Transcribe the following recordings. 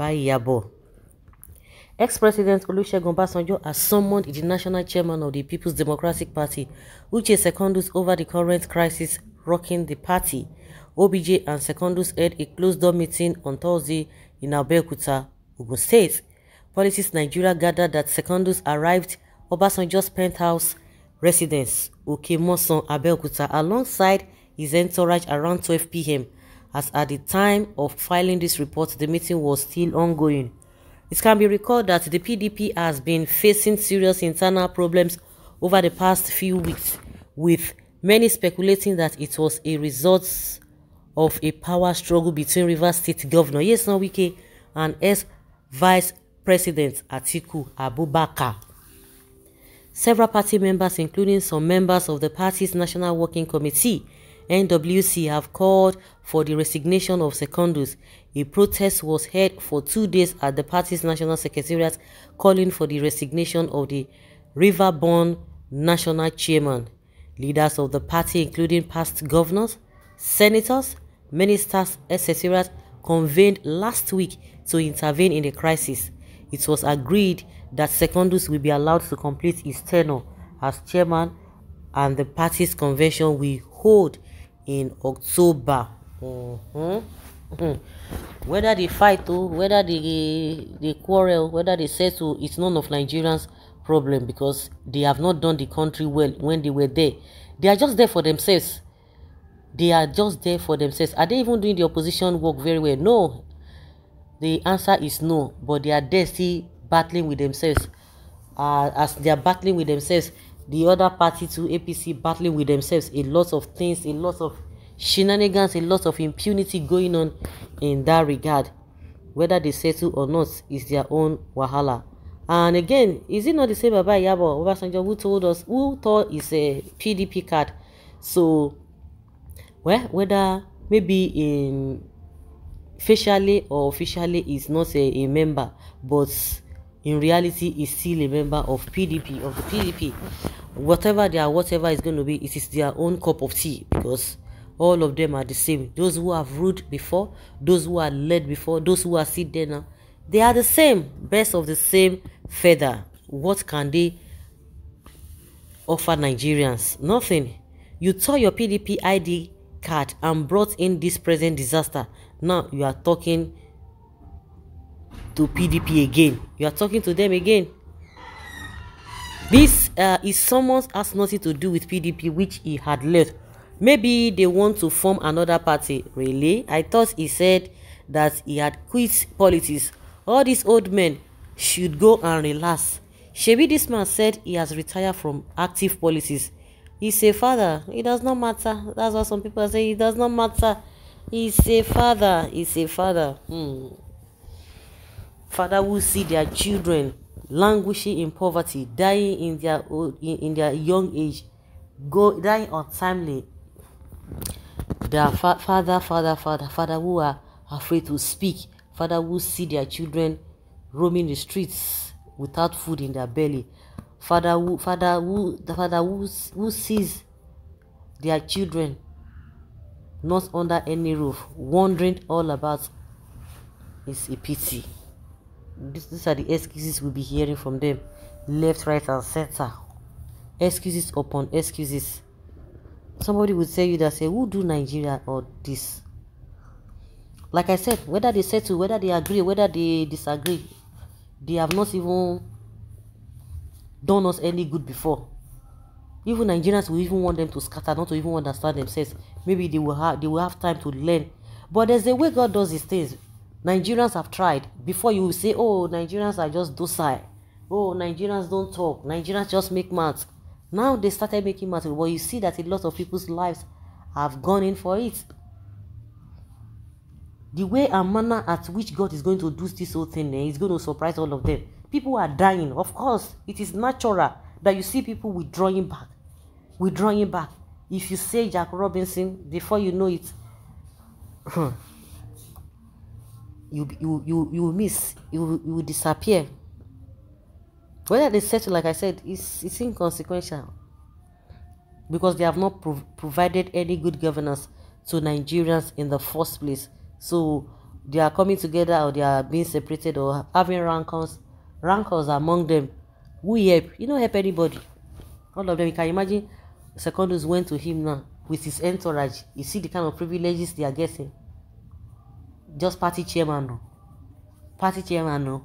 Baba Yabo, Ex-President Olusegun Obasanjo has summoned the national chairman of the People's Democratic Party, Uche Secondus, over the current crisis rocking the party. OBJ and Secondus held a closed-door meeting on Thursday in Abeokuta, Ogun State. Politics Nigeria gathered that Secondus arrived Obasanjo's penthouse residence, Okemosan, Abeokuta, alongside his entourage around 12 p.m as at the time of filing this report, the meeting was still ongoing. It can be recalled that the PDP has been facing serious internal problems over the past few weeks, with many speculating that it was a result of a power struggle between Rivers State Governor Yes Wike and ex Vice President Atiku Abubakar. Several party members, including some members of the party's National Working Committee, NWC have called for the resignation of Secondus. A protest was held for two days at the party's national secretariat calling for the resignation of the Riverborn national chairman. Leaders of the party, including past governors, senators, ministers, etc., convened last week to intervene in the crisis. It was agreed that Secondus will be allowed to complete his tenure as chairman and the party's convention will hold in october mm-hmm. mm-hmm. whether they fight o whether they they quarrel whether they settle it's none of nigerians problem because they have not done the country well when they were there they are just there for themselves they are just there for themselves are they even doing the opposition work very well no the answer is no but they are there still battling with themselves uh, as they are battling with themselves the other party to APC battling with themselves. A lot of things, a lot of shenanigans, a lot of impunity going on in that regard. Whether they settle or not is their own wahala. And again, is it not the same Baba Yabo Obasanjo who told us who thought is a PDP card? So, well, whether maybe in officially or officially is not a, a member, but in reality is still a member of PDP of the PDP. Whatever they are, whatever is going to be, it is their own cup of tea because all of them are the same. Those who have ruled before, those who are led before, those who are sitting there now, they are the same, best of the same feather. What can they offer Nigerians? Nothing. You tore your PDP ID card and brought in this present disaster. Now you are talking to PDP again. You are talking to them again. This uh, is someone's has nothing to do with PDP, which he had left. Maybe they want to form another party. Really? I thought he said that he had quit politics. All these old men should go and relax. Shebi this man said he has retired from active policies. He's a father. It does not matter. That's what some people say. It does not matter. He's a father. He's a father. Hmm father will see their children languishing in poverty, dying in their old, in, in their young age, go dying untimely. Their fa father, father, father, father who are afraid to speak, father will see their children roaming the streets without food in their belly, father who father who the father who, who sees their children not under any roof, wandering all about is a pity these are the excuses we'll be hearing from them left right and center excuses upon excuses somebody would tell you that say who do nigeria or this like i said whether they settle whether they agree whether they disagree they have not even done us any good before even nigerians will even want them to scatter not to even understand themselves maybe they will have they will have time to learn but there's a way god does these things Nigerians have tried. Before you say, oh, Nigerians are just docile. Oh, Nigerians don't talk. Nigerians just make maths. Now they started making maths. Well, you see that a lot of people's lives have gone in for it. The way and manner at which God is going to do this whole thing eh, is going to surprise all of them. People are dying. Of course, it is natural that you see people withdrawing back. Withdrawing back. If you say Jack Robinson, before you know it, you you you you will miss you you will disappear whether they settle like i said it's it's inconsequential because they have not prov provided any good governance to nigerians in the first place so they are coming together or they are being separated or having rancors rancors among them who help you don't help anybody all of them you can imagine secondos went to him now with his entourage you see the kind of privileges they are getting just party chairman no party chairman no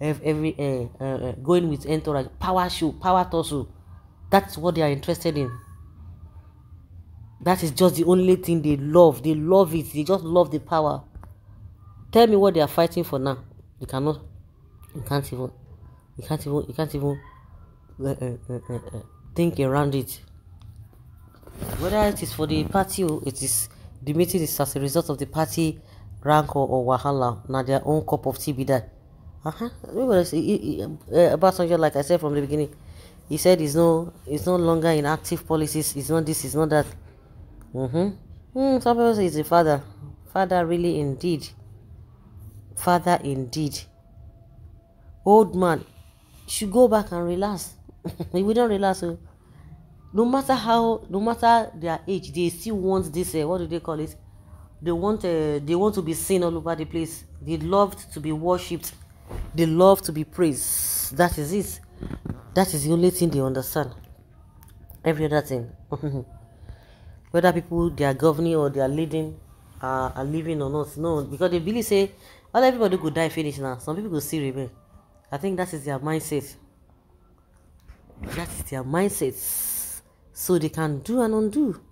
every uh, uh, going with entourage power show power torso that's what they are interested in that is just the only thing they love they love it they just love the power tell me what they are fighting for now you cannot you can't even you can't even you can't even uh, uh, think around it whether it is for the party or it is the meeting is as a result of the party rancor or wahala. not their own cup of tea be that. Uh-huh. something eh, eh, like I said from the beginning, he said he's no, he's no longer in active policies. He's not this. He's not that. Mm-hmm. Mm, some people say he's a father. Father, really, indeed. Father, indeed. Old man, should go back and relax. we don't relax. Oh, no matter how, no matter their age, they still want this. Uh, what do they call it? They want, uh, they want to be seen all over the place. They loved to be worshipped. They love to be praised. That is it. That is the only thing they understand. Every other thing. Whether people they are governing or they are leading uh, are living or not. No, because they really say all everybody could die finish now. Some people could still remain. I think that is their mindset. That is their mindset. So they can do and undo.